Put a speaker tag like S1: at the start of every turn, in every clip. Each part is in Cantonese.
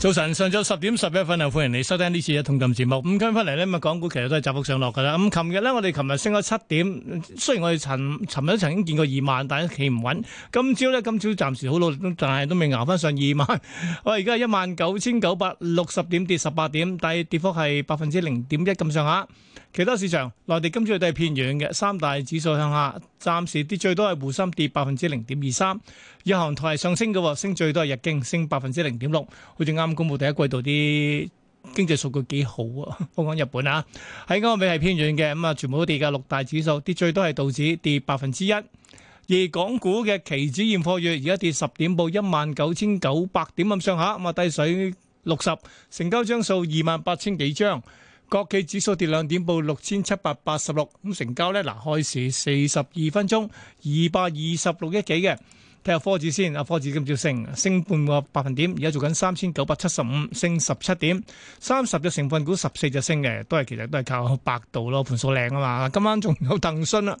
S1: 早晨，上晝十點十一分啊！歡迎你收聽呢次嘅一桶金節目。五講翻嚟呢咁啊，港股其實都係窄幅上落㗎啦。咁琴日呢，我哋琴日升咗七點，雖然我哋尋尋日都曾經見過二萬，但係企唔穩。今朝呢，今朝暫時好努力，但係都未熬翻上二萬。我而家係一萬九千九百六十點跌十八點，但係跌幅係百分之零點一咁上下。其他市場，內地今次都係偏軟嘅，三大指數向下，暫時跌最多係滬深跌百分之零點二三，日韓台係上升嘅，升最多係日經升百分之零點六，好似啱公布第一季度啲經濟數據幾好啊！講緊日本啊，喺歐美係偏軟嘅，咁啊全部都跌嘅六大指數跌最多係道指跌百分之一，而港股嘅期指現貨月而家跌十點報一萬九千九百點咁上下，咁啊低水六十，成交張數二萬八千幾張。國企指數跌兩點，報六千七百八十六。咁成交咧，嗱，開市四十二分鐘，二百二十六億幾嘅。睇下科指先，阿科指今朝升，升半個百分點，而家做緊三千九百七十五，升十七點，三十隻成分股十四隻升嘅，都係其實都係靠百度咯，盤數靚啊嘛。今晚仲有騰訊啦。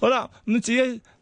S1: 好啦，咁只。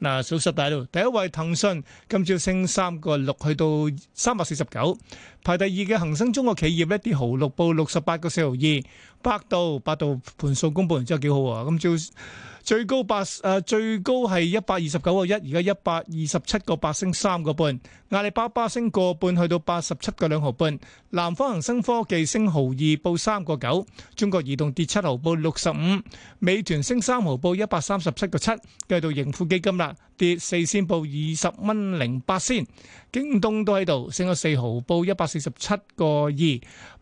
S1: 嗱，數十大度，第一位騰訊今朝升三個六，去到三百四十九，排第二嘅恒生中國企業一跌毫六，報六十八個四毫二，百度百度盤數公布完之後幾好喎，今朝最高八、啊、最高係一百二十九個一，而家一百二十七個八，升三個半。阿里巴巴升個半，去到八十七個兩毫半。南方恒生科技升毫二，報三個九。中國移動跌七毫，報六十五。美團升三毫，報一百三十七個七。繼續到盈富基金啦，跌四仙，報二十蚊零八仙。京東都喺度，升咗四毫，報一百四十七個二。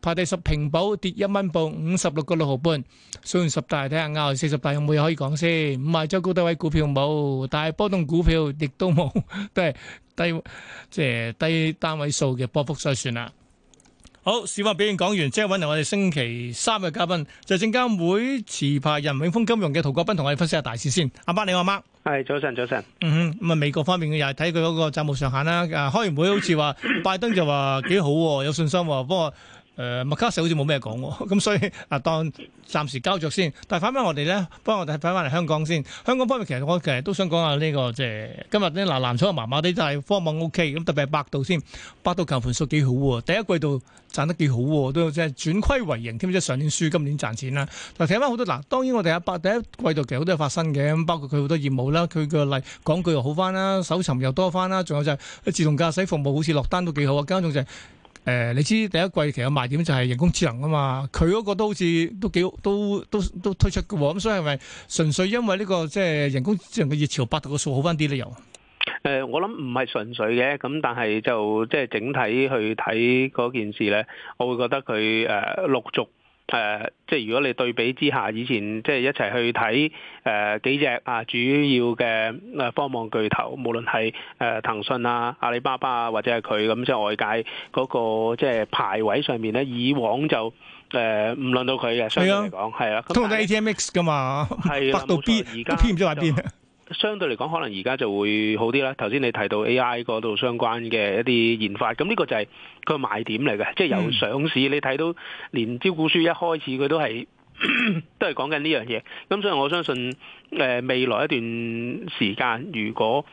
S1: 排第十，平保跌一蚊，報五十六個六毫半。數完十大睇下，亞匯四十大有冇嘢可以講先？唔係，再高啲位股票冇，但係波動股票亦都冇，都係。低即係低單位數嘅波幅，所以算啦。好，市況表現講完，即係揾嚟我哋星期三嘅嘉賓，就證監會持牌人永豐金融嘅陶國斌同我哋分析下大事先。阿媽，你好阿
S2: 媽係早晨，早晨。早上嗯哼，
S1: 咁啊，美國方面嘅又係睇佢嗰個債務上限啦。啊，開完會好似話 拜登就話幾好、啊，有信心喎、啊，不過。誒麥、呃、卡錫好似冇咩講喎，咁、嗯、所以啊，當暫時交著先。但係返翻我哋呢，幫我哋翻翻嚟香港先。香港方面其實我其實都想講下呢個即係、就是、今日呢嗱，藍籌麻麻地，但係科網 O K 咁，特別係百度先，百度球盤數幾好喎、啊，第一季度賺得幾好喎、啊，都即係轉虧為盈添，即係上年輸，今年賺錢、啊、但啦。嗱，睇翻好多嗱，當然我哋阿百第一季度其實好多嘢發生嘅，包括佢好多業務啦，佢個例廣告又好翻啦，搜尋又多翻啦，仲有就係自動駕駛服務好似落單都幾好啊，仲就係、是。誒、呃，你知第一季其實賣點就係人工智能噶嘛，佢嗰個都好似都幾都都都推出嘅，咁所以係咪純粹因為呢個即係人工智能嘅熱潮，百度嘅數好翻啲咧？又
S2: 誒、呃，我諗唔係純粹嘅，咁但係就即係整體去睇嗰件事咧，我會覺得佢誒陸續。誒、呃，即係如果你對比之下，以前即係一齊去睇誒、呃、幾隻啊，主要嘅誒科網巨頭，無論係誒、呃、騰訊啊、阿里巴巴啊，或者係佢咁，即係外界嗰、那個即係排位上面咧，以往就誒唔輪到佢嘅，相對嚟講係啊，
S1: 通常都 ATMX 㗎嘛，百度 B 都偏唔知喺
S2: 邊。相對嚟講，可能而家就會好啲啦。頭先你提到 A.I. 度相關嘅一啲研發，咁呢個就係佢個賣點嚟嘅，嗯、即係由上市。你睇到連招股書一開始佢都係 都係講緊呢樣嘢，咁所以我相信誒未來一段時間如果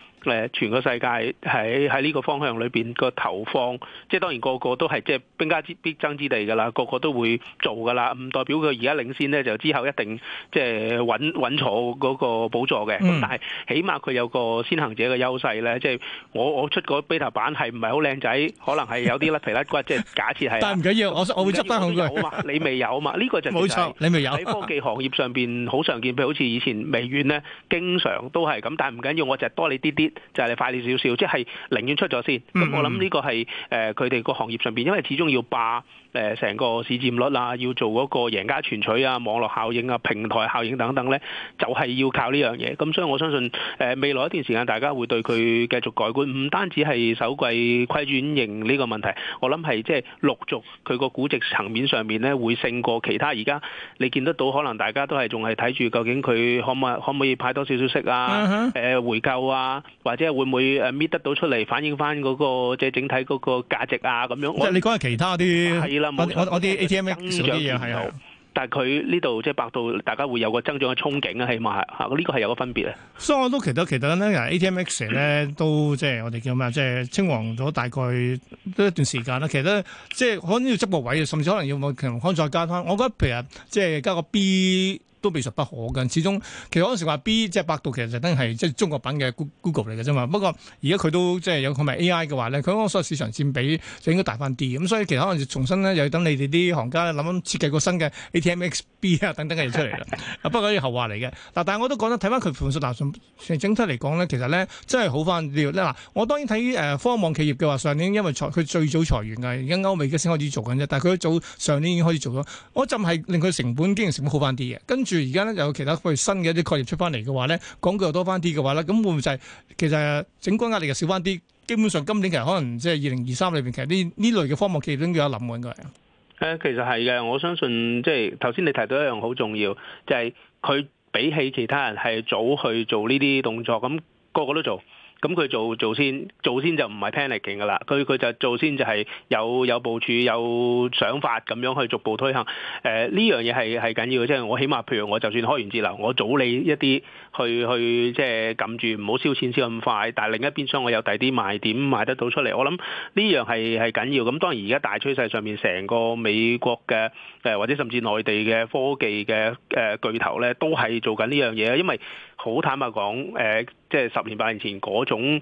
S2: 全個世界喺喺呢個方向裏邊個投放，即係當然個個都係即係兵家必爭之地㗎啦，個個都會做㗎啦。唔代表佢而家領先咧，就之後一定即係穩穩坐嗰個寶座嘅。嗯、但係起碼佢有個先行者嘅優勢咧，即係我我出個 beta 版係唔係好靚仔，可能係有啲甩皮甩骨， 即係假設係。但係唔緊要，我要要我會執翻好佢。嘛 你未有嘛？呢、呢個就冇、是、錯，你未有。喺科技行業上邊好常見，譬如好似以前微軟咧，經常都係咁。但係唔緊要，我就多你啲啲。就係你快啲少少，即係寧願出咗先。咁我諗呢個係誒佢哋個行業上邊，因為始終要霸。誒成個市佔率啊，要做嗰個贏家全取啊，網絡效應啊，平台效應等等咧，就係、是、要靠呢樣嘢。咁所以我相信誒未來一段時間大家會對佢繼續改觀，唔單止係首季虧轉盈呢個問題，我諗係即係陸續佢個估值層面上面咧會勝過其他。而家你見得到，可能大家都係仲係睇住究竟佢可唔可可唔可以派多少少息啊？誒、uh huh. 呃、回購啊，或者會唔會誒搣得到出嚟反映翻嗰個即係整體嗰個價值啊咁樣，即係你
S1: 講下其他啲。我我啲 ATMX 長嘅嘢係
S2: 好，但係佢呢度即係百度，大家會有個增長嘅憧憬啊，起碼係嚇，呢、這個係有個分別啊。
S1: 所以我都其實其實咧，A T M X 咧、嗯、都即、就、係、是、我哋叫咩，即、就、係、是、稱王咗大概都一段時間啦。其實咧，即、就、係、是、可能要執個位，甚至可能要強康再加翻。我覺得譬如即係加個 B。都未實不可嘅，始終其實嗰陣時話 B 即係百度，其實 B，就等係即係中國版嘅 Google 嚟嘅啫嘛。不過而家佢都即係、就是、有佢咪 AI 嘅話咧，佢嗰個市場佔比就應該大翻啲。咁所以其實可能就重新咧，又要等你哋啲行家諗設計個新嘅 ATMXB 啊等等嘅嘢出嚟啦。 不過呢句後話嚟嘅嗱，但係我都講得睇翻佢盤勢嗱，整體嚟講咧，其實咧真係好翻啲。嗱，我當然睇誒科網企業嘅話，上年因為佢最早裁員㗎，而家歐美而家先開始做緊啫，但係佢早上年已經開始做咗，我陣係令佢成本經營成本好翻啲嘅，跟。住而家咧有其他譬如新嘅一啲概念出翻嚟嘅話咧，廣告又多翻啲嘅話咧，咁會唔會就係、是、其實整軍壓力又少翻啲？基本上今年其實可能即係二零二三裏邊其實呢呢類嘅科目企業都有諗過嘅。
S2: 誒，其實係嘅，我相信即係頭先你提到一樣好重要，就係、是、佢比起其他人係早去做呢啲動作，咁、那個個都做。咁佢做做先做先就唔係 panic 嘅啦，佢佢就做先就係有有部署有想法咁樣去逐步推行。誒、呃，呢樣嘢係係緊要嘅，即、係、我起碼譬如我就算開源節流，我早你一啲去去，去即係撳住唔好燒錢燒咁快。但另一邊廂我有第二啲賣點賣得到出嚟，我諗呢樣係係緊要。咁當然而家大趨勢上面，成個美國嘅誒、呃，或者甚至內地嘅科技嘅誒、呃、巨頭咧，都係做緊呢樣嘢啊，因為。好坦白講，誒、呃，即係十年八年前嗰種誒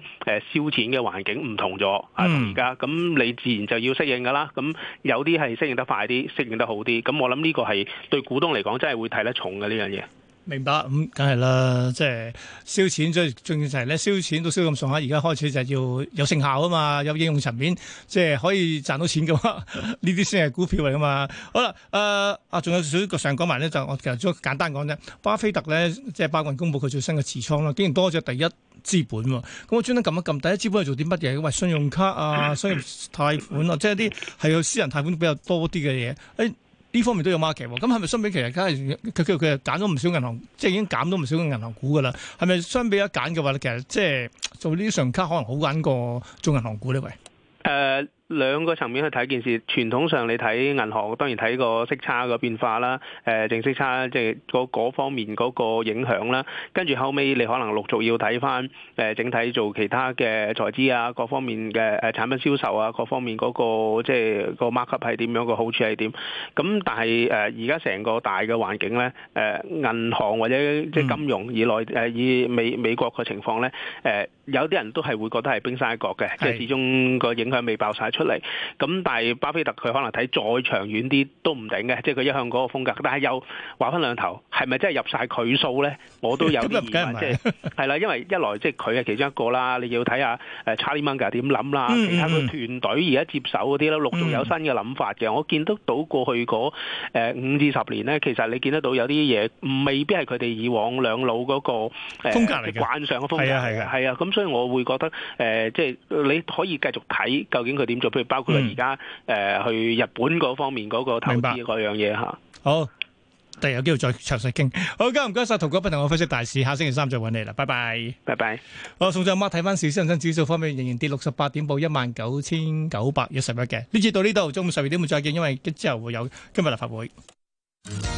S2: 燒錢嘅環境唔同咗，啊、嗯，同而家，咁你自然就要適應㗎啦。咁有啲係適應得快啲，適應得好啲。咁我諗呢個係對股東嚟講，真係會睇得重嘅呢樣嘢。
S1: 明白咁，梗係啦，即係燒錢最，最重要就係咧，燒錢都燒咁上下，而家開始就要有成效啊嘛，有應用層面，即係可以賺到錢嘅話，呢啲先係股票嚟噶嘛。好啦，誒、呃、啊，仲有少少個想講埋咧，就我其實都簡單講啫。巴菲特咧，即係包括公佈佢最新嘅持倉啦，竟然多咗第一資本喎。咁我專登撳一撳，第一資本係做啲乜嘢？因為，信用卡啊，商業貸款啊， 即係啲係佢私人貸款比較多啲嘅嘢。哎呢方面都有 market 喎，咁係咪相比，其實梗係佢、佢、佢係揀咗唔少銀行，即係已經減咗唔少嘅銀行股噶啦？係咪相比一揀嘅話，其實即係做呢啲信用卡可能好揾過做銀行股呢喂？
S2: 誒、uh。兩個層面去睇件事，傳統上你睇銀行當然睇個息差嘅變化啦，誒淨息差即係嗰方面嗰個影響啦。跟住後尾你可能陸續要睇翻整體做其他嘅財資啊各方面嘅誒產品銷售啊各方面嗰、嗰個即係、即係、個 mark up 係點樣，個好處係點。咁但係誒而家成個大嘅環境咧，誒銀行或者即係金融以內以美美國嘅情況咧，有啲人都係會覺得係冰山一角嘅，即係始終個影響未爆曬出嚟。咁是但係巴菲特佢可能睇再長遠啲都唔頂嘅，即係佢一向嗰個風格。但係又話返兩頭，係咪真係入曬佢數呢？我都有啲疑問 的，即係係啦，因為一來即係佢係其中一個啦，你要睇下 Charlie Munger 點諗啦，嗯、其他個團隊而家接手嗰啲囉。陸續有新嘅諗法嘅。嗯、我見得到過去嗰五至十年咧，其實你見得到有啲嘢未必係佢哋以往兩老嗰、那個風格嚟嘅，慣上嘅風格的。所以我會覺得，誒、呃，即係你可以繼續睇究竟佢點做，譬如包括而家誒去日本嗰方面嗰個投資嗰白樣嘢吓。
S1: 好，第日有機會再詳細傾。好，唔該晒，陶哥，不停我分析大市，下星期三再揾你啦，拜拜、拜拜。好，送咗阿媽睇翻市，先、恒生、嗯、指數方面仍然跌六十八點，報一萬九千九百一十一嘅。呢次到呢度中午十二點會再見，因為之後會有今日立法會。嗯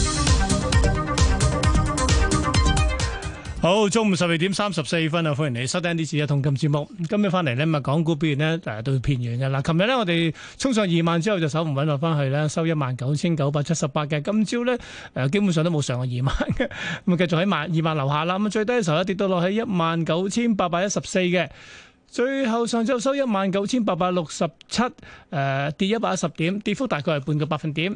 S1: 好，中午十二點三十四分啊，歡迎你收聽呢次一桶金節目。今日翻嚟咧，咪港股表現咧，誒都偏軟嘅。嗱，昨日咧我哋衝上二萬之後就守唔穩落翻去咧，收一萬九千九百七十八嘅。今朝咧誒基本上都冇上過二萬嘅，咁啊繼續喺萬二萬樓下啦。咁啊最低嘅時候咧跌到落去一萬九千八百一十四嘅，最後上晝收一萬九千八百六十七，誒跌一百一十點，跌幅大概係半個百分點。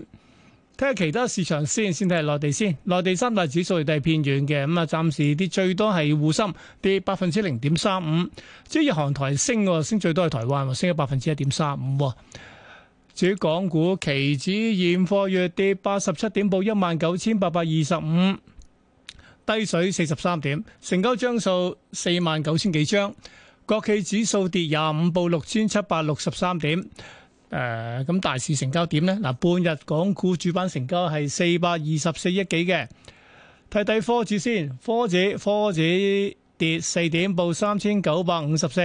S1: 睇下其他市場先，先睇下內地先。內地三大指數係跌偏遠嘅，咁啊，暫時跌最多係滬深跌百分之零點三五。即係日韓台升升最多係台灣喎，升咗百分之一點三五。至於港股期指現貨，約跌八十七點，報一萬九千八百二十五，低水四十三點，成交張數四萬九千幾張。國企指數跌廿五，報六千七百六十三點。誒，咁、呃、大市成交點呢？嗱，半日港股主板成交係四百二十四億幾嘅。睇睇科指先，科指科指跌四點，報三千九百五十四。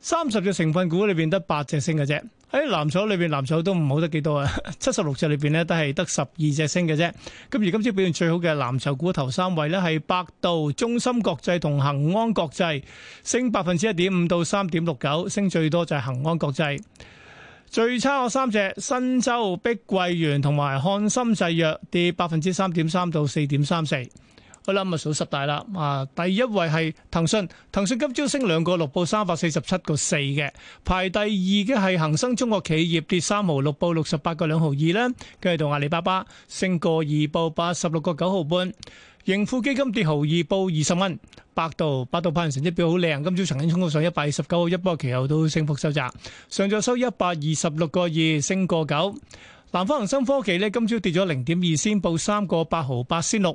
S1: 三十隻成分股裏邊得八隻升嘅啫。喺藍籌裏邊，藍籌都唔好得幾多啊。七十六隻裏邊呢，都係得十二隻升嘅啫。咁而今朝表現最好嘅藍籌股頭三位呢，係百度、中芯國際同恒安國際，升百分之一點五到三點六九，升最多就係恒安國際。最差嘅三隻，新洲、碧桂園同埋漢森製藥跌百分之三點三到四點三四。好啦，咁啊數十大啦。啊，第一位係騰訊，騰訊今朝升兩個六，報三百四十七個四嘅。排第二嘅係恒生中國企業跌三毫六，報六十八個兩毫二啦。跟住到阿里巴巴升個二報八十六個九毫半。盈富基金跌毫二，報二十蚊。百度，百度派完成績表好靚。今朝曾經衝到上一百二十九，一波期後都升幅收窄，上晝收一百二十六個二，升過九。南方恒生科技呢，今朝跌咗零點二仙，報三個八毫八仙六。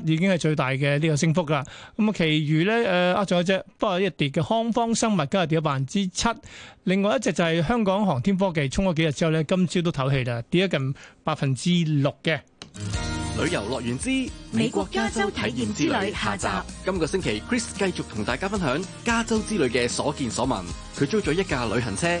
S1: 七已經係最大嘅呢個升幅啦，咁啊其餘咧誒啊仲有一隻，不過一日跌嘅康方生物，今日跌咗百分之七，另外一隻就係香港航天科技，衝咗幾日之後咧，今朝都唞氣啦，跌咗近百分之六嘅。
S3: 旅遊樂園之美國加州體驗之旅下集，今個星期 Chris 繼續同大家分享加州之旅嘅所見所聞，佢租咗一架旅行車。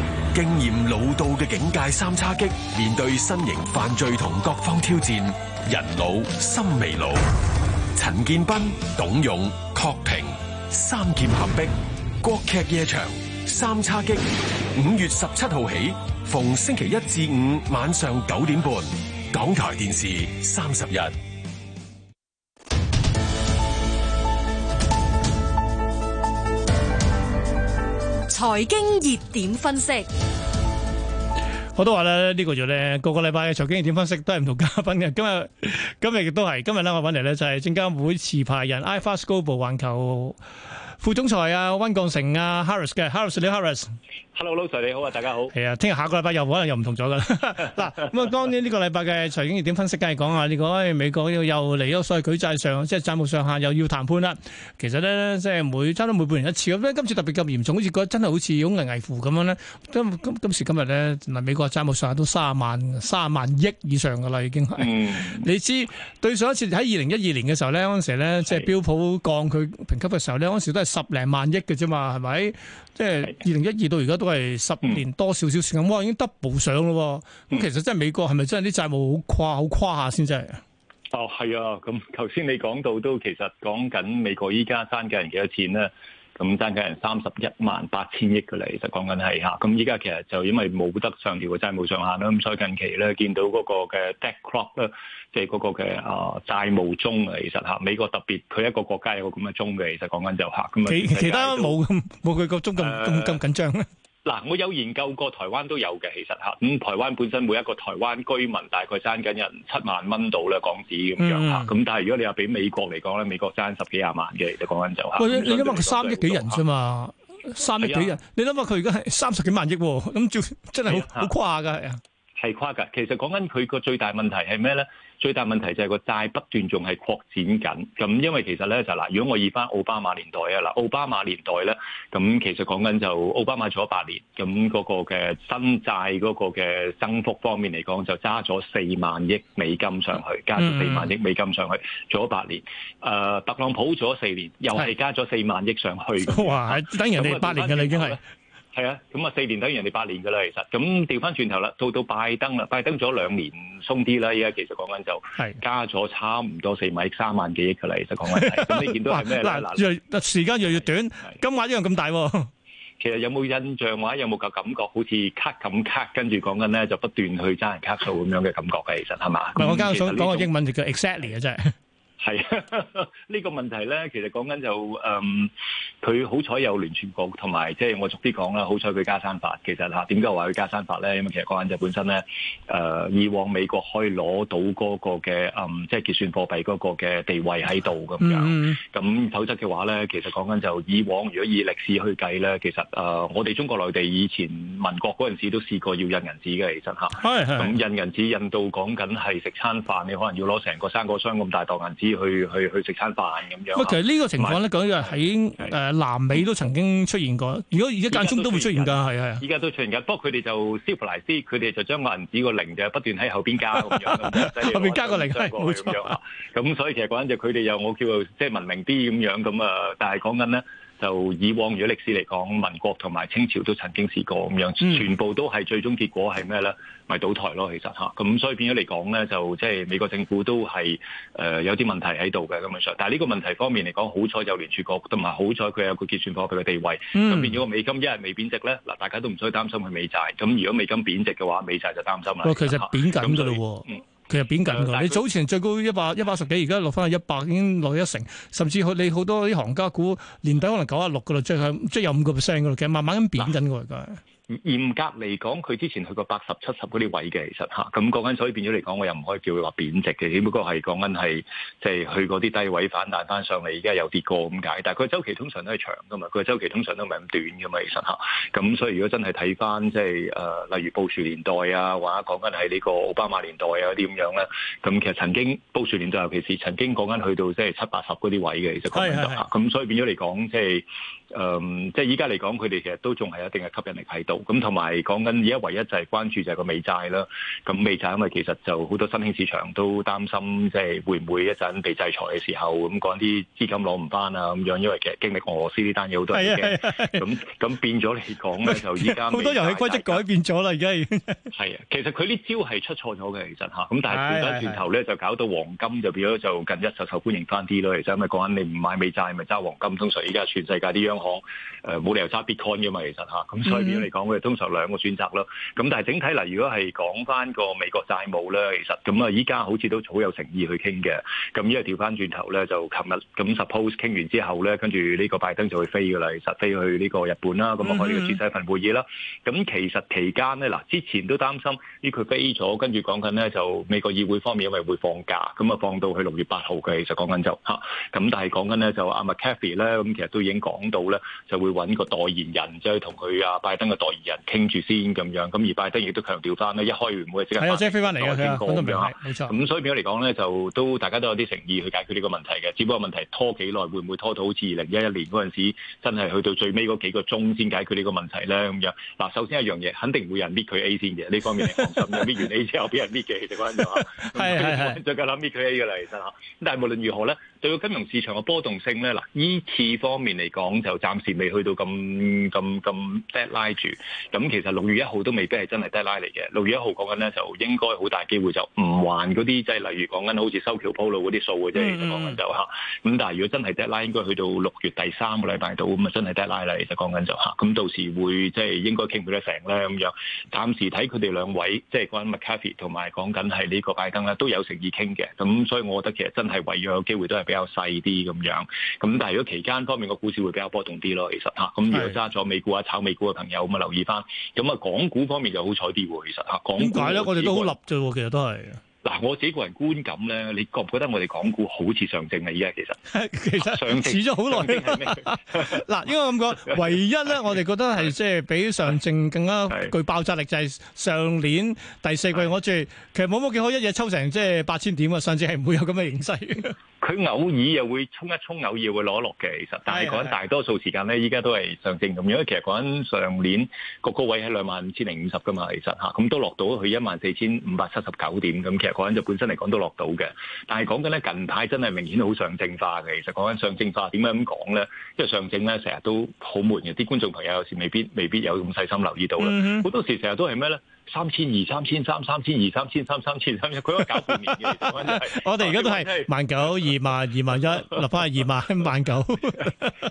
S3: 經驗老道嘅警界三叉戟，面對新型犯罪同各方挑戰，人老心未老。陳建斌、董勇、郝平三劍合璧，國劇夜場三叉戟。五月十七號起，逢星期一至五晚上九點半，港台電視三十日。
S1: 財經熱點分析，我都話咧呢個月咧，個個禮拜嘅財經熱點分析都係唔同嘉賓嘅。今日今日亦都係今日咧，我揾嚟咧就係證監會持牌人 iFast Global 環球副總裁啊溫降成啊 Harris 嘅 Harris，你好 Harris。
S3: hello，老 Sir 你好
S1: 啊，大家好。係啊，聽日下個禮拜又可能又唔同咗噶啦。嗱，咁啊，嗯、當然呢個禮拜嘅財經熱點分析梗係講啊，呢個美國又又嚟咗，所以舉債，上即係債務上限又要談判啦。其實咧，即係每差唔多每半年一次，咁今次特別咁嚴重，好似覺得真係好似恐危危乎咁樣咧。今今時今日咧，嗱，美國債務上下都卅萬卅萬億以上噶啦，已經係。嗯。你知對上一次喺二零一二年嘅時候咧，嗰陣時咧的即係標普降佢評級嘅時候咧，嗰陣時都係十零萬億嘅啫嘛，係咪？即係二零一二到而家。都係十年多少少算咁，哇、嗯！已經 double 上咯，咁、嗯、其實真係美國係咪真係啲債務好誇好誇下先真
S3: 係？哦，係啊，咁頭先你講到都其實講緊美國依家爭緊人幾多錢咧，咁爭緊人三十一萬八千億嘅咧，其實講緊係嚇。咁依家其實就因為冇得上調嘅債務上限啦，咁所以近期咧見到嗰個嘅 debt clock 咧，即係嗰個嘅啊債務鐘。啊，其實嚇美國特別佢一個國家有個咁嘅鐘嘅，其實講緊就嚇咁啊。其他冇
S1: 冇佢個鐘咁咁咁緊張。
S3: 嗱，我有研究過，台灣都有嘅，其實嚇咁台灣本身每一個台灣居民大概爭緊人七萬蚊到啦港紙咁樣嚇，咁、嗯、但係如果你話俾美國嚟講咧，美國爭十幾廿萬嘅都講緊就嚇。喂，你諗下佢你三億幾多人啫嘛，
S1: 啊、三億幾人，啊、你諗下佢而家係三十幾萬億，咁、啊、照，真係好，啊、好誇㗎呀！
S3: 係誇㗎，其實講緊佢個最大問題係咩咧？最大問題就係個債不斷仲係擴展緊。咁因為其實咧就嗱，如果我以翻奧巴馬年代啊，嗱，奧巴馬年代咧，咁其實講緊就奧巴馬做咗八年，咁嗰個嘅新債嗰個嘅增幅方面嚟講，就揸咗四萬億美金上去，加咗四萬億美金上去，做咗八年。誒、呃，特朗普做咗四年，又係加咗四萬億上去。哇，等人哋、啊、八年㗎啦，已經係。係啊，咁啊四年等於人哋八年噶啦，其實咁調翻轉頭啦，到到拜登啦，拜登咗兩年鬆啲啦，依家其實講緊就加咗差唔多四萬三萬幾億嘅啦，其實講緊。咁 你見到係咩咧？
S1: 越、時間越來越短，金額一樣咁大，啊。
S3: 其實有冇印象話有冇個感覺，好似 cut 咁 cut，跟住講緊咧就不斷去爭人卡數咁樣嘅感覺嘅， 其實係嘛？我今日想講個英
S1: 文就叫 exactly 啊，真係。
S3: 係呢 個問題咧，其實講緊就誒，佢好彩有聯儲局同埋即係我逐啲講啦。好彩佢加山法，其實吓點解話佢加山法咧？因為其實講緊就本身咧，誒、呃、以往美國可以攞到嗰、那個嘅誒、嗯，即係結算貨幣嗰個嘅地位喺度噉樣。咁否則嘅話咧，其實講緊就以往如果以歷史去計咧，其實誒、啊、我哋中國內地以前民國嗰陣時都試過要印銀紙嘅，其實吓。咁印銀紙，印到講緊係食餐飯，你可能要攞成個生果箱咁大袋銀紙。去去去食餐飯咁樣。唔
S1: 係，其實呢個情況咧，講嘅喺誒南美都曾經出現過。如果而家間中都會出現㗎，係係。依家都出
S3: 現㗎，不過佢哋就斯普拉斯，佢哋就將銀紙個零就係不斷喺後邊加咁樣，後邊加個零過嚟咁樣。咁所以其實講緊就佢哋又我叫做即係文明啲咁樣咁啊，但係講緊咧。就以往如果歷史嚟講，民國同埋清朝都曾經試過咁樣，全部都係最終結果係咩咧？咪倒台咯，其實咁所以變咗嚟講咧，就即係美國政府都係誒、呃、有啲問題喺度嘅咁樣上。但係呢個問題方面嚟講，好彩有聯儲局，同埋好彩佢有個結算貨幣嘅地位，咁、嗯、變咗個美金一係未貶值咧，嗱大家都唔需要擔心佢美債。咁如果美金貶值嘅話，美債就擔心啦、哦。其實貶緊㗎啦。
S1: 其實貶緊㗎，你早前最高一百一百十幾，而家落返係一百，已經落一成，甚至你好多啲行家估年底可能九啊六㗎喇，最係即係有五個 percent 嗰度，其實慢慢咁貶緊㗎
S3: 嚴格嚟講，佢之前去過八十七十嗰啲位嘅，其實嚇，咁講緊，所以變咗嚟講，我又唔可以叫佢話貶值嘅，只不過係講緊係即係去過啲低位反彈翻上嚟，而家又跌過咁解。但係佢周期通常都係長噶嘛，佢周期通常都唔係咁短噶嘛，其實嚇。咁、嗯、所以如果真係睇翻即係誒，例如布殊年代啊，或者講緊係呢個奧巴馬年代啊啲咁樣咧、啊，咁、嗯、其實曾經布殊年代尤其是曾經講緊去到即係、就是、七八十嗰啲位嘅，其實講緊就咁所以變咗嚟講，即、就、係、是。誒、嗯，即係依家嚟講，佢哋其實都仲係一定係吸引力喺度。咁同埋講緊而家唯一就係關注就係個美債啦。咁美債因為其實就好多新興市場都擔心，即係會唔會一陣被制裁嘅時候，咁講啲資金攞唔翻啊咁樣。因為其實經歷俄羅斯呢單嘢好多人驚，咁咁、啊啊啊啊、變咗嚟講咧，啊、就依家好多遊戲規則
S1: 改變咗啦，而家
S3: 係啊，其實佢呢招係出錯咗嘅，其實吓，咁、啊、但係調翻轉頭咧，啊啊、就搞到黃金就變咗就近一就受歡迎翻啲咯。其實因為講緊你唔買美債，咪揸黃金。通常依家全世界啲央講冇理由揸 Bitcoin 㗎嘛，其實嚇，咁所以嚟講，佢哋通常兩個選擇咯。咁但係整體嚟，如果係講翻個美國債務咧，其實咁啊，依家好似都好有誠意去傾嘅。咁依家調翻轉頭咧，就琴日咁 suppose 傾完之後咧，跟住呢個拜登就會飛㗎啦，其實飛去呢個日本啦，咁啊開呢個絕世份會議啦。咁、mm hmm. 其實期間咧，嗱之前都擔心呢，佢飛咗，跟住講緊咧就美國議會方面因為會放假，咁啊放到去六月八號嘅，其實講緊就嚇。咁但係講緊咧就阿 McCarthy 咧，咁其實都已經講到。就會揾個代言人，即係同佢阿拜登嘅代言人傾住先咁樣。咁而拜登亦都強調翻咧，一開完會即刻飛翻嚟，講天咁所以變咗嚟講咧，就都大家都有啲誠意去解決呢個問題嘅。只不過問題拖幾耐，會唔會拖到好似二零一一年嗰陣時，真係去到最尾嗰幾個鐘先解決呢個問題咧？咁樣嗱，首先一樣嘢，肯定會有人搣佢 A 先嘅。呢方面你放心，搣完 A 之後俾人搣嘅就關咗。係係，夠諗搣佢 A 嘅啦，其實嚇。但係無論如何咧。對個金融市場嘅波動性咧，嗱依次方面嚟講就暫時未去到咁咁咁 deadline 住。咁其實六月一號都未必係真係 deadline 嚟嘅。六月一號講緊咧就應該好大機會就唔還嗰啲，即係例如講緊好似修橋鋪路嗰啲數嘅啫。講緊就吓，咁但係如果真係 deadline 應該去到六月第三個禮拜度，咁咪真係 deadline 啦。其實講緊就吓，咁到時會即係應該傾唔得成咧咁樣。暫時睇佢哋兩位，即係講緊 McCarthy 同埋講緊係呢個拜登咧，都有誠意傾嘅。咁所以我覺得其實真係違約嘅機會都係。比較細啲咁樣，咁但係如果期間方面個股市會比較波動啲咯，其實吓，咁如果揸咗美股啊炒美股嘅朋友咁啊留意翻，咁啊港股方面就好彩啲喎，其實吓。點解咧？我哋都好
S1: 立啫，其實都係。
S3: 嗱，我自己個人觀感咧，你覺唔覺得我哋港股好似上證啊？依家其實
S1: 上遲咗好耐嘅。嗱，應該我咁講，唯一咧我哋覺得係即係比上證更加具爆炸力就係上年第四季，我最其實冇乜幾好，一日抽成即係八千點啊，上次係唔會有咁嘅形勢。
S3: 佢偶爾又會衝一衝，偶爾會攞落嘅，其實。係。但係講緊大多數時間咧，依家都係上證咁樣。因為其實講緊上年個高位係兩萬五千零五十噶嘛，其實嚇咁都落到去一萬四千五百七十九點咁。其實。講緊就本身嚟講都落到嘅，但係講緊咧近排真係明顯好上證化嘅。其實講緊上證化點解咁講咧？因為上證咧成日都好悶嘅，啲觀眾朋友有時未必未必有咁細心留意到啦。好、mm hmm. 多時成日都係咩咧？三千二三千三三千二
S1: 三千三三千三，佢都係搞半年嘅。我哋而家都係萬九二萬二萬一，落翻係二萬萬九，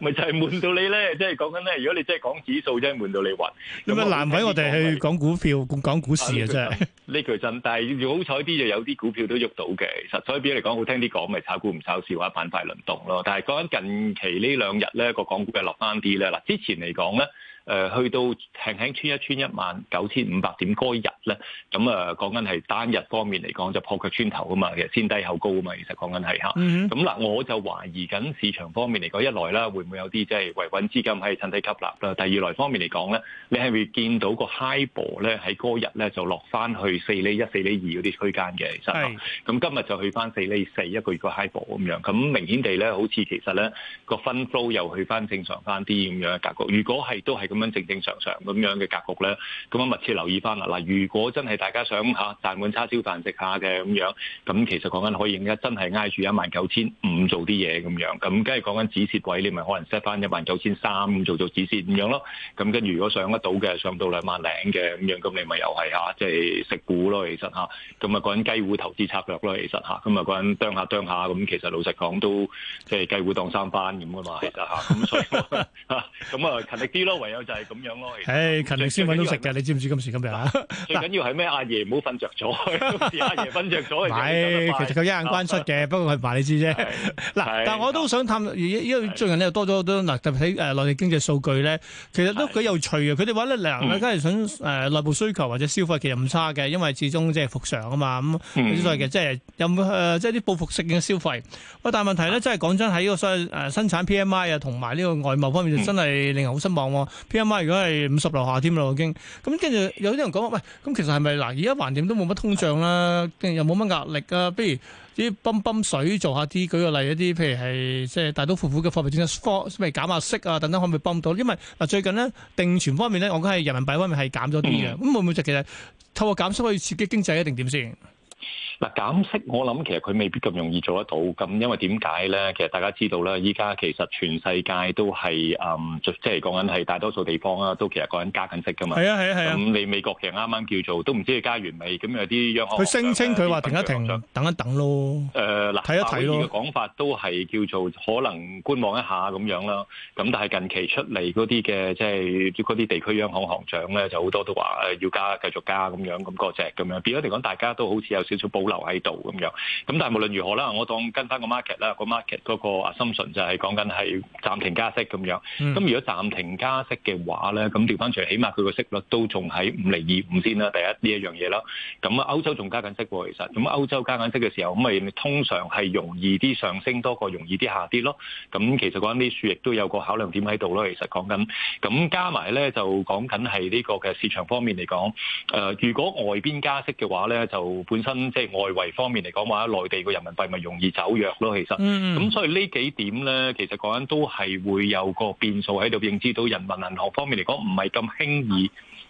S3: 咪就係悶到你咧。即係講緊咧，如果你真係講指數，真係悶到你暈。咁啊難為我
S1: 哋去講股票、講股市啊，真係
S3: 呢句真。但係好彩啲，就有啲股票都喐到嘅。其實，所以俾你講好聽啲講，咪炒股唔炒市，話板塊輪動咯。但係講緊近期呢兩日咧，個港股係落翻啲咧。嗱，之前嚟講咧。誒去到輕輕穿一穿一萬九千五百點嗰日咧，咁啊講緊係單日方面嚟講就破腳穿頭啊嘛，其實先低後高啊嘛，其實講緊係嚇。咁嗱、mm，hmm. 我就懷疑緊市場方面嚟講，一來啦會唔會有啲即係維穩資金喺趁低吸納啦？第二來方面嚟講咧，你係咪見到個 high 波咧喺嗰日咧就落翻去四厘一、四厘二嗰啲區間嘅？Mm hmm. 其實咁今日就去翻四厘四一個月個 high 波咁樣，咁明顯地咧，好似其實咧個 fund flow 又去翻正常翻啲咁樣嘅格局。如果係都係。咁樣正正常常咁樣嘅格局咧，咁樣密切留意翻啦。嗱，如果真係大家想吓賺碗叉燒飯食下嘅咁樣，咁其實講緊可以而家真係挨住一萬九千五做啲嘢咁樣，咁梗係講緊止蝕位，你咪可能 set 翻一萬九千三做做止蝕咁樣咯。咁跟住如果上得到嘅，上到兩萬零嘅咁樣，咁你咪又係吓，即係食股咯。其實吓，咁啊講緊雞股投資策略咯。其實吓，咁啊講緊啄下啄下咁，其實老實講都即係雞股當三番咁噶嘛。其實吓，
S1: 咁所以吓，
S3: 咁啊勤力啲咯，唯有。
S1: 就係咁樣咯。誒，勤力先揾到食嘅，你知唔知今時今日啊？最
S3: 緊要係咩？阿爺唔好瞓着咗，阿爺瞓著咗，其實佢
S1: 一眼關出嘅，不過係唔話你知啫。嗱，但係我都想探，因為最近咧多咗好多嗱，特別喺誒內地經濟數據咧，其實都幾有趣嘅。佢哋話咧，量，梗係想誒內部需求或者消費其實唔差嘅，因為始終即係復常啊嘛。咁所以其實即係有冇即係啲報復性嘅消費。喂，但係問題咧，真係講真喺呢個所謂誒生產 PMI 啊，同埋呢個外貿方面，就真係令人好失望喎。PMI 如果係五十樓下添啦，我已經咁跟住有啲人講話，喂、哎、咁其實係咪嗱？而家環境都冇乜通脹啦，又冇乜壓力啊。不如啲泵泵水做下啲，舉個例，一啲譬如係即係大刀闊斧嘅貨幣政策，科咪減下息啊，等等可唔可以泵到？因為嗱最近咧定存方面咧，我覺得係人民幣方面係減咗啲嘅。咁、嗯、會唔會就其實透過減息可以刺激經濟一定點先？
S3: 嗱減息，我諗其實佢未必咁容易做得到，咁因為點解咧？其實大家知道呢，依家其實全世界都係誒、呃，即係講緊係大多數地方啦都其實講緊加緊息噶嘛。係啊係啊係啊！咁、啊、你美國其實啱啱叫做都唔知佢加完未，咁有啲央行佢聲稱佢話停一停，
S1: 長等一等咯。
S3: 誒嗱、呃，睇一睇咯。講、呃、法，法都係叫做可能觀望一下咁樣啦。咁但係近期出嚟嗰啲嘅，即係嗰啲地區央行行長咧，就好多都話要加，繼續加咁樣咁嗰隻咁樣。變咗嚟講大家都好似有少少報。留喺度咁樣，咁但係無論如何啦，我當跟翻個 market 啦，個 market 嗰個 assumption 就係講緊係暫停加息咁樣。咁如果暫停加息嘅話咧，咁調翻轉，起碼佢個息率都仲喺五釐二五先啦。第一呢一樣嘢啦，咁啊歐洲仲加緊息喎，其實咁歐洲加緊息嘅時候，咁咪通常係容易啲上升多過容易啲下跌咯。咁其實講緊啲數亦都有個考量點喺度咯。其實講緊咁加埋咧，就講緊係呢個嘅市場方面嚟講，誒，如果外邊加息嘅話咧，就本身即係我。外圍方面嚟講，話內地嘅人民幣咪容易走弱咯，其實，嗯、咁所以呢幾點咧，其實講緊都係會有個變數喺度，認知到人民銀行方面嚟講，唔係咁輕易。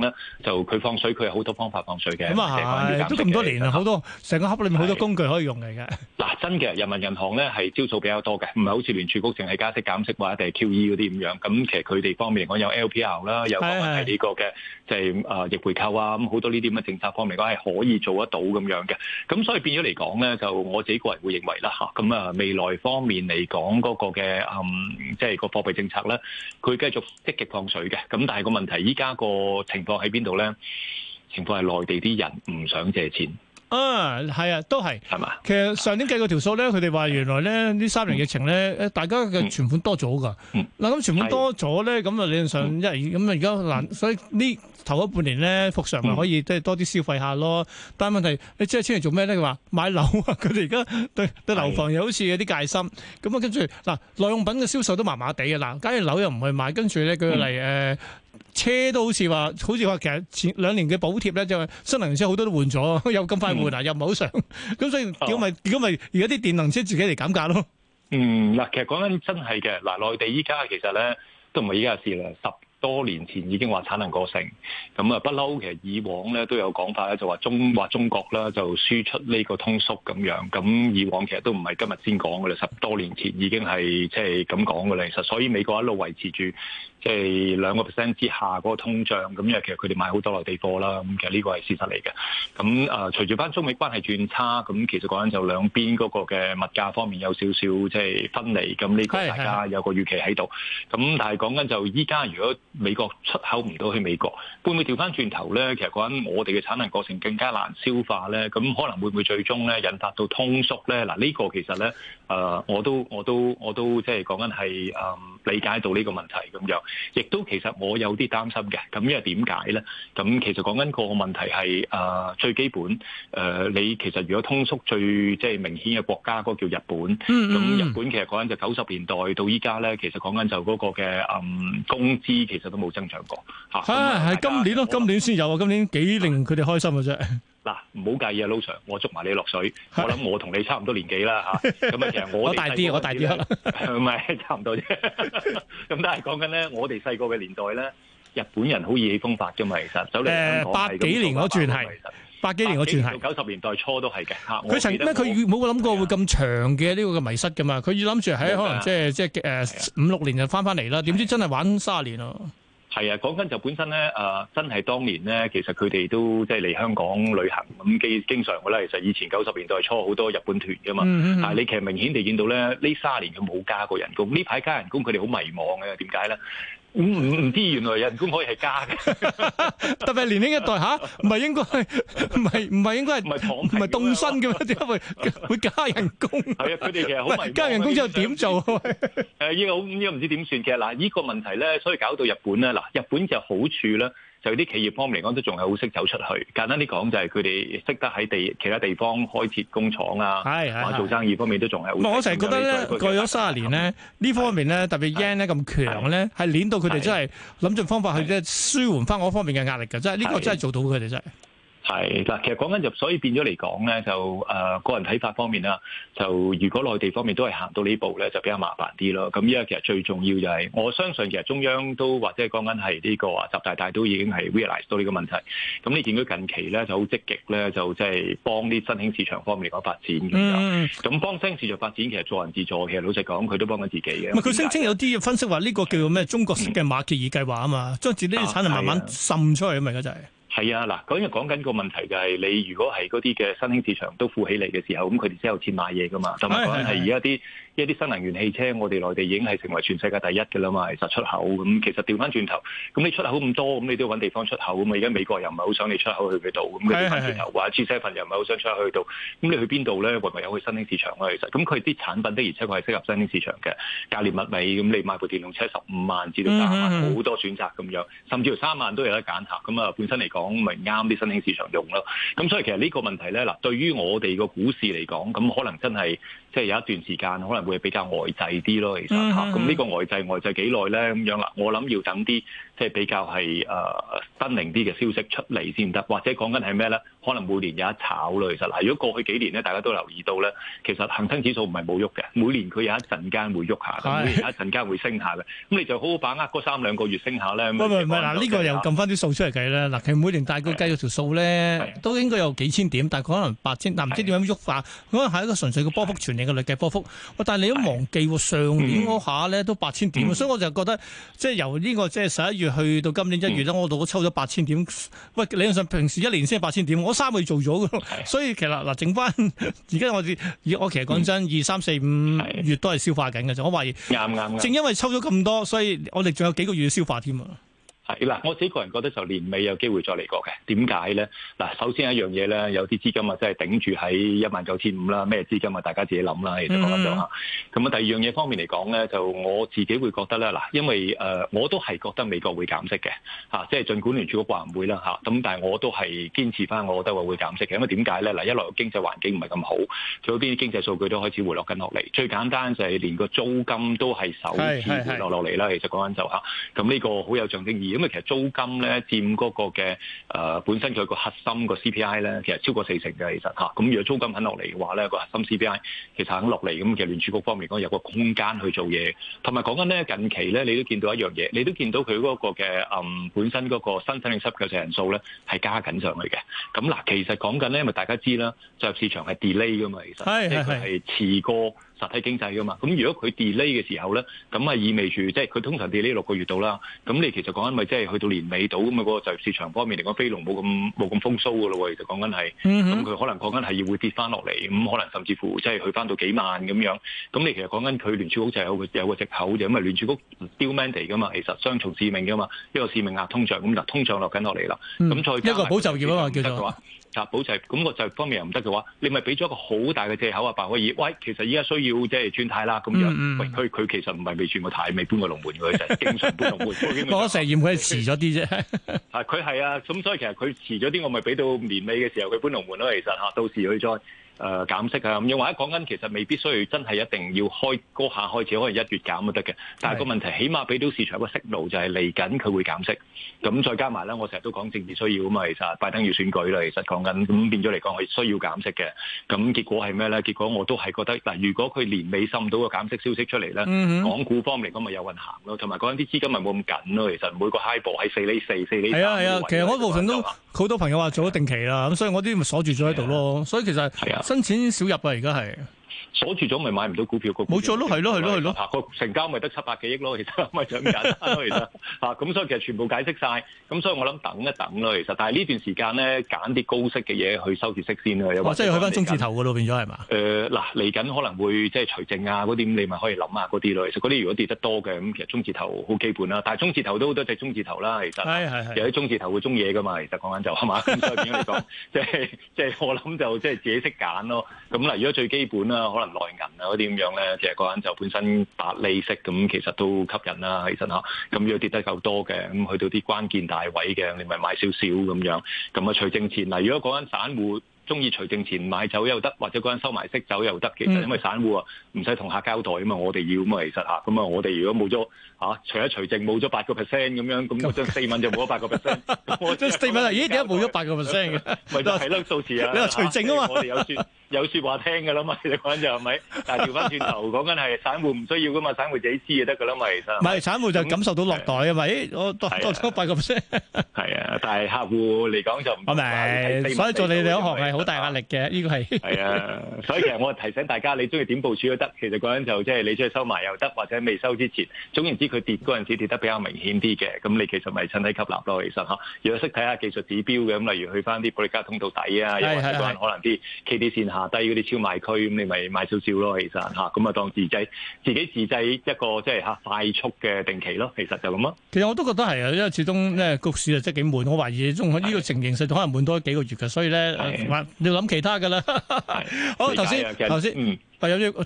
S3: 咧就佢放水，佢有好多方法放水嘅。咁啊係，的都咁多
S1: 年啦，好多成個盒裏面好多工具可以用
S2: 嚟嘅。
S3: 嗱 真嘅，人民銀行咧係招數比較多嘅，唔係好似聯儲局淨係加息減息或者定係 QE 嗰啲咁樣。咁、e、其實佢哋方面嚟講，有 LPR 啦，有個問題呢是的 個嘅，即係啊逆回購啊，咁好多呢啲咁嘅政策方面，講係可以做得到咁樣嘅。咁所以變咗嚟講咧，就我自己個人會認為啦嚇。咁啊未來方面嚟講，嗰、那個嘅即係個貨幣政策咧，佢繼續積極放水嘅。咁但係個問題，依家個情情況喺邊度咧？情況係內地啲人唔想借錢。
S1: 啊，係啊，都係係嘛。吧其實上年計過條數咧，佢哋話原來咧呢三年疫情咧，嗯、大家嘅存款多咗噶。嗱咁、嗯嗯、存款多咗咧，咁啊理論上一咁啊而家嗱，嗯、所以呢頭嗰半年咧，復常咪可以即係多啲消費下咯。嗯、但係問題你即係千嚟做咩咧？佢話買樓啊，佢哋而家對是對樓房又好似有啲戒心。咁啊，跟住嗱，耐用品嘅銷售都麻麻地嘅嗱。假如樓又唔去買，跟住咧佢嚟誒。車都好似話，好似話其實前兩年嘅補貼咧，就係、新能源車好多都換咗，又咁快換、嗯嗯、啊，又唔好上，咁所以如果咪如果咪而家啲電動車自己嚟減價咯。嗯，嗱，其實講緊真
S3: 係嘅，嗱，內地依家其實咧都唔係依家嘅事啦，十多年前已經話產能過剩，咁啊不嬲。其實以往咧都有講法咧，就話中話中國啦就輸出呢個通縮咁樣，咁以往其實都唔係今日先講嘅，十多年前已經係即係咁講嘅咧。其實所以美國一路維持住即係兩個 percent 之下嗰個通脹，咁因為其實佢哋買好多內地貨啦，咁其實呢個係事實嚟嘅。咁啊、呃，隨住翻中美關係轉差，咁其實講緊就兩邊嗰個嘅物價方面有少少即係、就是、分離，咁呢個大家有個預期喺度。咁的但係講緊就依家如果美國出口唔到去美國，會唔會調翻轉頭咧？其實講緊我哋嘅產能過剩更加難消化咧，咁可能會唔會最終咧引發到通縮咧？嗱，呢個其實咧，誒、呃，我都我都我都即係講緊係理解到呢個問題咁樣。亦都其實我有啲擔心嘅，咁因為點解咧？咁其實講緊個問題係誒最基本誒，你其實如果通縮最即係明顯嘅國家，嗰個叫日本。咁日本其實講緊就九十年代到依家咧，其實講緊就嗰個嘅誒工資其實都冇增長過。嚇係係今年咯，今
S1: 年先有啊！今年幾令佢哋開心嘅啫。
S3: 嗱，唔好介意啊 Lo Sir 我捉埋你落水。我諗我同你差唔多年紀啦嚇，咁啊其實我， 我大啲，我大啲啦，唔係 差唔多啫。咁 但係講緊咧，我哋細個嘅年代咧，日本人好意氣風發㗎嘛，其實走嚟八幾年嗰段係，八幾年嗰段係九十年代初都係嘅。佢成咩？佢
S1: 冇諗過會咁長嘅呢個嘅迷失㗎嘛？佢要諗住喺可能即係即係誒五六年就翻翻嚟啦。點的知真係玩卅年咯。
S3: 係啊，講緊就本身咧，誒、啊，真係當年咧，其實佢哋都即係嚟香港旅行咁，咁經常嘅啦。其實以前九十年代初好多日本團㗎嘛，嗯嗯嗯，但係你其實明顯地見到咧，呢三年佢冇加過人工，呢排加人工佢哋好迷
S1: 茫嘅，點解咧？唔唔唔知原來人工可以係加嘅， 特別係年輕一代吓，唔係應該係，唔係唔係應該係唔係唔凍薪嘅嘛？點解 會會加人
S3: 工？係啊，佢哋其實好迷糊，加人
S1: 工之後點做？
S3: 誒，依個好唔知點算嘅。嗱， 呢個問題咧，所以搞到日本咧。嗱，日本就好處咧。就啲企業方面嚟講，都仲係好識走出去。簡單啲講，就係佢哋識得喺地其他地方開設工廠啊，是是是是做生意方面都仲係好。我成日覺得咧，過
S1: 咗三十年咧，呢方面咧特別 Yen 咧咁強咧，係攣是到佢哋真係諗盡方法去舒緩翻嗰方面嘅壓力㗎。真係呢、呢個真係做到佢哋真。
S3: 係嗱，其實講緊就，所以變咗嚟講咧，就誒、呃、個人睇法方面啦，就如果內地方面都係行到呢步咧，就比較麻煩啲咯。咁依家其實最重要就係，我相信其實中央都或者講緊係呢個啊習大大都已經係 realize 到呢個問題。咁你見到近期咧就好積極咧，就即係幫啲新興市場方面嚟講發展咁樣。咁幫新興市場發展其實助人自助，其實老實講佢都幫緊自己嘅。佢聲
S1: 稱有啲要分析話呢個叫做咩中國式嘅馬歇爾計劃啊嘛，將、嗯、自己啲產能慢慢滲出去咁、啊、就係、是。係
S3: 啊，嗱，講嘅講緊個問題就係、是、你如果係嗰啲嘅新興市場都富起嚟嘅時候，咁佢哋先有錢買嘢㗎嘛。同埋講緊係而家啲一啲新能源汽車，我哋內地已經係成為全世界第一㗎啦嘛，其實出口咁、嗯，其實調翻轉頭，咁你出口咁多，咁你都要揾地方出口咁啊。而、嗯、家美國又唔係好想你出口去佢度，咁調翻轉頭話 G7 又唔係好想出口去到，咁你去邊度咧？為唔有去新興市場？其實，咁佢啲產品的而且確係適合新興市場嘅價廉物美。咁你買部電動車十五萬至到三十萬，好、mm hmm. 多選擇咁樣，甚至乎三萬都有得揀嚇。咁啊，本身嚟講，講咪啱啲新興市場用咯，咁所以其實呢個問題咧，嗱對於我哋個股市嚟講，咁可能真係。即係有一段時間可能會比較呆滯啲咯，其實嚇。咁呢個呆滯呆滯幾耐咧？咁樣啦，我諗要等啲即係比較係誒穩定啲嘅消息出嚟先得，或者講緊係咩咧？可能每年有一炒咯，其實嗱。如果過去幾年咧，大家都留意到咧，其實恒生指數唔係冇喐嘅，每年佢有一陣間會喐下，每年有一陣間會，的會升下嘅。咁 你就好好把握嗰三兩個月升下咧。唔係唔係，嗱呢個又撳
S1: 翻啲數出嚟計咧。嗱，其實每年大概佢計咗條數咧，都應該有幾千點，但係可能八千，嗱唔知點樣喐法，可能係一個純粹嘅波幅全個累計波幅，但係你都忘記喎，是上年嗰下咧都八千點，嗯、所以我就覺得即係由呢個即係十一月去到今年一月咧，嗯、我度都抽咗八千點。喂，理論上平時一年先係八千點，我三個月做咗㗎，是所以其實嗱，剩翻而家我哋二，我其實講真，二三四五月都係消化緊嘅啫。我懷疑，啱啱。正因為抽咗咁多，所以我哋仲有幾個月要消化添啊。
S3: 嗱，我自己個人覺得就年尾有機會再嚟過嘅。點解咧？嗱，首先一樣嘢咧，有啲資金啊，即係頂住喺一萬九千五啦，咩資金啊，大家自己諗啦。其實講緊就嚇、是。咁啊、嗯，第二樣嘢方面嚟講咧，就我自己會覺得咧，嗱，因為誒，我都係覺得美國會減息嘅，嚇，即係儘管聯儲局還唔會啦，嚇。咁但係我都係堅持翻，我覺得會會減息嘅。因為點解咧？嗱，一來經濟環境唔係咁好，佢嗰邊經濟數據都開始回落緊落嚟。最簡單就係連個租金都係首次回落落嚟啦。其實講緊就嚇、是。咁、這、呢個好有象徵意義。咁其實租金咧佔嗰個嘅誒、呃、本身佢個核心個 CPI 咧，其實超過四成嘅其實吓。咁如果租金肯落嚟嘅話咧，個核心 CPI 其實肯落嚟。咁其實聯儲局方面講有個空間去做嘢。同埋講緊咧，近期咧，你都見到一樣嘢，你都見到佢嗰個嘅誒、嗯、本身嗰個新申請失業人數咧係加緊上去嘅。咁、啊、嗱，其實講緊咧，因為大家知啦，就入市場係 delay 㗎嘛，其實是是是即係佢係遲過實體經濟噶嘛，咁如果佢 delay 嘅時候咧，咁啊意味住即係佢通常 delay 六個月度啦，咁你其實講緊咪即係去到年尾到咁啊，嗰、嗰個就業市場方面嚟講，飛龍冇咁冇咁風騷噶咯喎，其實講緊係，咁佢可能講緊係要會跌翻落嚟，咁可能甚至乎即係去翻到幾萬咁樣，咁你其實講緊佢聯儲局就係有個有個藉口，就因啊聯儲局 dual mandate 噶嘛，其實雙重使命噶嘛，一個使命壓通脹，咁嗱通脹落緊落嚟啦，咁、嗯、再一個保就業叫做。集保就係咁個就方面又唔得嘅話，你咪俾咗一個好大嘅借口啊！白可以，喂，其實依家需要即係轉軚啦，咁樣，佢佢、嗯嗯、其實唔係未轉過軚，未搬過龍門佢 就
S1: 經常搬龍門。 我成嫌佢遲咗啲啫，
S3: 啊，佢係啊，咁所以其實佢遲咗啲，我咪俾到年尾嘅時候佢搬龍門咯，其實嚇，到時佢再。誒減息啊！咁又或者講緊其實未必需要真係一定要開嗰下開始，可能一月減都得嘅。但係個問題，起碼俾到市場一個息路，就係嚟緊佢會減息。咁再加埋咧，我成日都講政治需要啊嘛，其實拜登要選舉啦，其實講緊咁變咗嚟講，我需要減息嘅。咁結果係咩咧？結果我都係覺得嗱，如果佢年尾滲到個減息消息出嚟咧，港股方面咁咪有運行咯，同埋講緊啲資金咪冇咁緊咯。其實每個 HIBOR 喺四厘四四厘。係啊係啊，其實嗰部分都
S1: 好多朋友話做咗定期啦，咁所以嗰啲咪鎖住咗喺度咯。所以其實係啊。新錢少入啊，而家係。
S3: 鎖住咗咪買唔到股票，冇錯咯，係咯，係咯，係咯。嚇成交咪得七百幾億咯，其實咪就咁簡單咯，其實嚇咁，所以其實全部解釋晒，咁所以我諗等一等咯，其實。但係呢段時間咧，揀啲高息嘅嘢去收住息先啦。有冇、哦、即去翻中
S1: 字頭㗎咯選？變咗係嘛？
S3: 誒嗱、呃，嚟緊可能會即係財政啊嗰啲，你咪可以諗下嗰啲咯。其實嗰啲如果跌得多嘅咁，其實中字頭好基本啦、啊。但係中字頭都好多隻中字頭啦，其實。哎、其係。中字頭會中嘢㗎嘛？其實講緊就係、是、嘛。咁所以點樣嚟講？即係即係我諗就即係自己識揀咯。咁、啊、嗱，如果最基本啦、啊，內銀啊嗰啲咁樣咧，其係個人就本身八厘息咁，其實都吸引啦。其實嚇，咁如果跌得夠多嘅，咁去到啲關鍵大位嘅，你咪買少少咁樣。咁啊，除淨前嗱，如果講緊散戶中意除淨前買走又得，或者嗰陣收埋息走又得。其實因為散戶啊，唔使同客交代啊嘛，我哋要嘛其實嚇，咁啊，我哋如果冇咗。嚇，除咗除淨冇咗八個 percent 咁樣，咁我張四萬就冇咗八個 percent。
S1: 張四萬啊，咦？點解冇咗八個 percent 嘅？
S3: 咪都係囉，數字啊！你話除淨啊嘛，我哋有説有説話聽嘅啦嘛，你講緊就係咪？但係調翻轉頭講緊係散戶唔需要噶嘛，散戶自己知就得噶啦嘛，其實。唔係，散
S1: 戶就感受到落袋啊嘛。咦，我多多咗八個 percent。係啊，
S3: 但係客戶嚟講
S1: 就唔明，所以做你哋一行係好大壓力嘅。呢個係。係啊，
S3: 所以其實我提醒大家，你中意點部署都得。其實嗰陣就即係你出去收埋又得，或者未收之前，總言之。佢跌嗰陣時跌得比較明顯啲嘅，咁你其實咪趁低吸納咯，其實嚇。如果識睇下技術指標嘅，咁例如去翻啲普利卡通道底啊，是又或者人可能啲 K D 線下低嗰啲超賣區，咁你咪買少少咯，其實嚇。咁啊，當自製自己自製一個即係嚇快速嘅定期咯，其實就咁咯。
S1: 其實我都覺得係啊，因為始終咧，股市啊真係幾悶。我懷疑呢個情形實在可能悶多幾個月嘅，所以咧的、啊，你諗其他㗎啦。 的好，
S3: 頭
S1: 先頭先，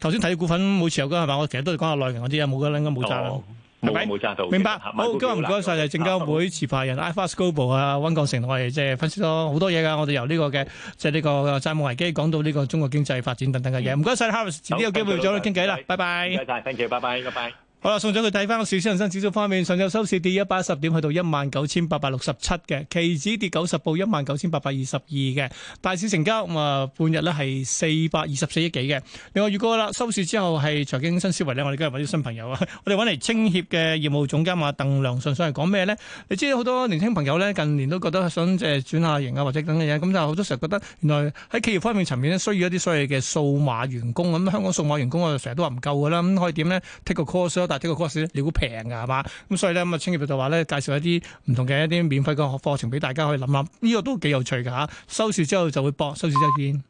S1: 頭先睇股份冇持有㗎係嘛？我其實都係講下內營嗰啲啊，冇嘅啦，冇揸啦。
S2: 冇冇揸到，明白。好，今
S1: 日唔該曬就係證交會持牌人 Irfan Sgobo 啊，温國成我哋即係分析咗好多嘢㗎。我哋由呢個嘅即係呢個債務危機講到呢個中國經濟發展等等嘅嘢。唔該晒。謝謝 Harvest 遲啲有機會再傾偈啦。大拜拜。唔該曬，thank you，拜
S3: 拜，拜拜。
S1: 好啦，送咗佢睇翻個市，恒生指數方面，上晝收市跌一百一十點，去到一萬九千八百六十七嘅，期指跌九十報一萬九千八百二十二嘅，大市成交咁啊、嗯、半日咧係四百二十四億幾嘅。另外預告啦，收市之後係財經新思維咧，我哋今日揾啲新朋友啊，我哋揾嚟青協嘅業務總監啊，鄧良順想嚟講咩呢？你知好多年輕朋友呢，近年都覺得想即係轉下型啊，或者等嘅嘢，咁就好多時候覺得原來喺企業方面層面呢，需要一啲所謂嘅數碼員工咁，香港數碼員工我哋成日都話唔夠㗎啦，咁可以點呢 take 個 course 呢個 course 你估平噶，係嘛？咁所以咧，咁啊，清潔就話咧，介紹一啲唔同嘅一啲免費嘅課程俾大家去諗下，呢、這個都幾有趣㗎嚇。收市之後就會播，收市之後見。